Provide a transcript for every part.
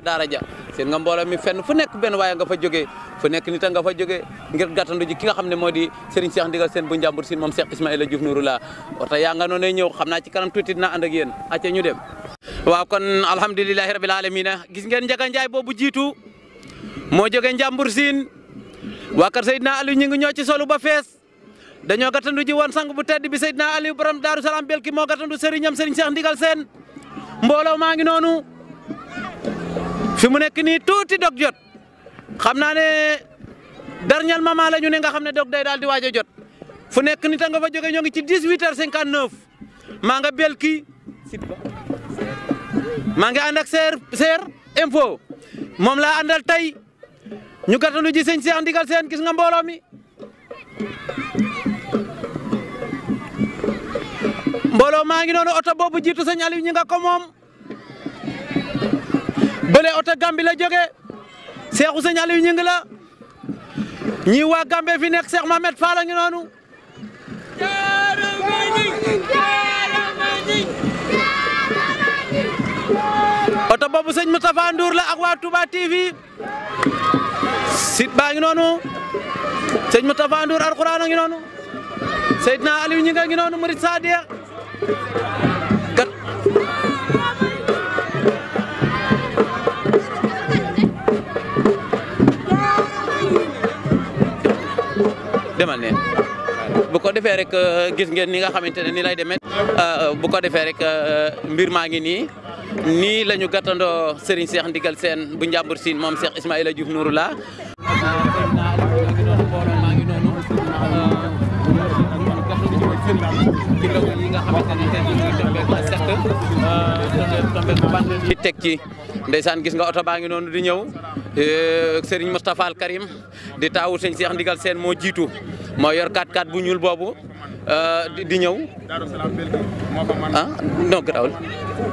dara ja seen nga mbolam mi fenn fu nek ben waya nga fa joge fu nek nit nga fa joge ngir gàttandu ji ki nga xamne modi di Serigne Cheikh Ndigal seen bu njambur seen mom Cheikh Ismaïla Diouf Nouroullah oto ya nga noné ñew xamna ci kanam tutit na and ak yeen acca ñu dem wa kon alhamdulilahi rabbil alamin gis ngeen jaga Njaay bobu jitu mo joge njambur seen wa kar sayyidna ali ñi nga ñoo ci solo ba fess dañoo ji won sang bu tedd bi sayyidna ali ibrahim daru salam Belki mo Serigne am Serigne Cheikh Ndigal seen ngi fi mu nekk nii tuuti dog jot xamna ne dernier mama la ñu ne nga xamne dog day dal di waaj jot fu nek ni ta nga fa joge ñoo ci 18h59 ma nga belki Mangga ma ser andak ser ser info mom la andal tay ñu gàttalu ji señ Cheikh Ndigal sen gis nga mbolo mi mbolo ma ngi noonu auto bobu jitu señ ali ñi ko mom bële oto Gambie la jógee Seexu Sëñ Aliou ñu ngi la ñii waa Gambie fi nekk Seex Mohamed Fall a ngi noonu. oto boobu sëñ Moustapha Ndour la ak waa Touba TV site baa ngi noonu sëñ Moustapha Ndour alxuraan a ngi noonu Seydina Aliou ñu demal ne bu ko defee rek euh, gis ngeen ni nga xamante ne ni lay demee euh, bu ko defee rek euh, mbir maa ngi nii nii lañu ñu gàttandoo Serigne Cheikh Ndigal seen bu Njàmbur Sine moom Cheikh Ismaïla Diouf Nouroullah maa firndam ci log ci euh, teg ci ndeysaan gis nga oto baa ngi noonu di ñëw euh, Serigne Moustapha Al Karim di taawu sëñ Cheikh Ndigal Sène moo jiitu moo yor 4 bu ñuul boobu Eh, di ñëw ah non garaawul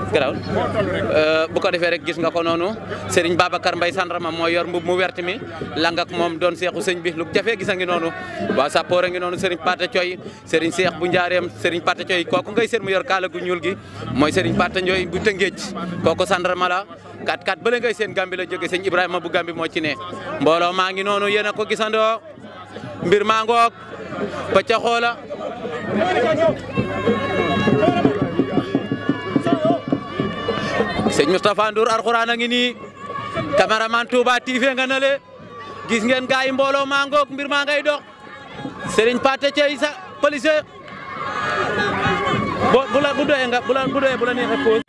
garaawul eh, bu ko defee rek gis nga ko noonu Serigne Babacar Mbaye sandrama moo yor mbub mu wert mi lang ak moom doon seexu sering bi lu sering gis a ngi noonu waa sappoor a ngi noonu Serigne Pate Coy Serigne Seex bu njaareem Serigne Pate Coy kooku ngay seen mu yor kaala gu ñuul gi mooy Serigne Pate Njoy bu Tëngéej kooku sandrama la kat kat bële ngay seen Gambi la jóge Ibrahima bu Gambi moo ci ne mbooloo maa ngi noonu yéen ko mbir ca sëñ Mustafa Ndour alxuraan Qur'an ngi ni cameraman Touba TV nga kan, na le gis ngeen gaay mbolo ma ngok mbir ma ngay dox Serigne Paté Thiey sa police bu la bu doye nga bu la bu doye bu la neexee pause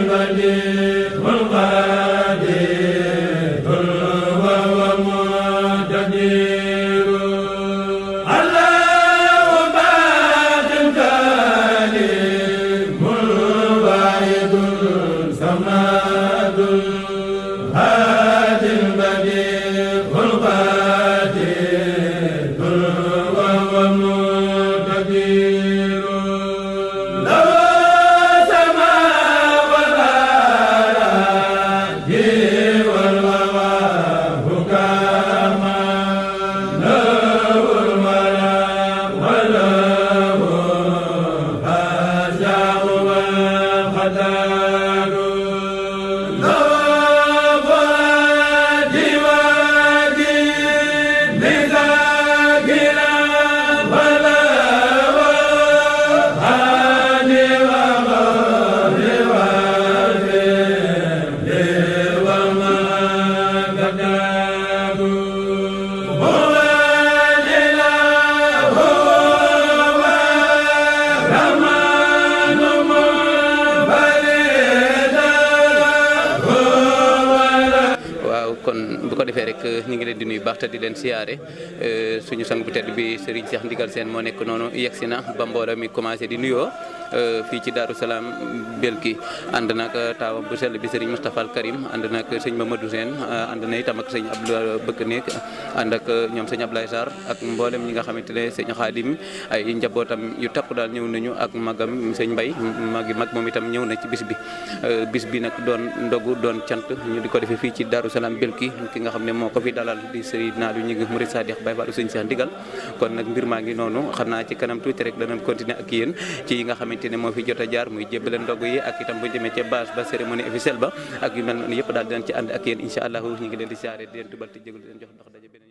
Everybody. Amen. ñi ngi leen di nuyu baxta te di leen siyaare eh, suñu sang bu tedd bi Serigne Cheikh Ndigal sen mo nekk noonu yegsi na ba mi commencé di nuyoo eh, fi ci daru salam Belki and nak eh, taawam bu sel bi Serigne mustapha Al Karim and nak serigne Mamadou sen. and na itam ak serigne Abdou Bëkk nek and ak ñom serigne Ablaye Sarr ak mboolem ñi nga xamantene serigne khadim ay njabotam yu takku dal ñew nañu ak magam serigne Mbay magi mag mom itam ñew na ci bis bi bis bi nak doon ndogu doon cant ñu diko ko fi ci daru salam Belki ki nga xamne moko fi dalal di sëriñ naa lu ñu ngi murid Ndigal kon mbir maa noonu xam ci kanam tuuti rek danañ continuer ak yéen ci yi nga xamante ne moo fi jot a jaar muy jébbale ndog yi ak itam bu ñu demee ca ba cérémonie officielle ba ak yu mel noonu yëpp daal dinañ ci ànd ak yéen incha allah ñu ngi leen di siyaare tubal te jégalu leen jox ndox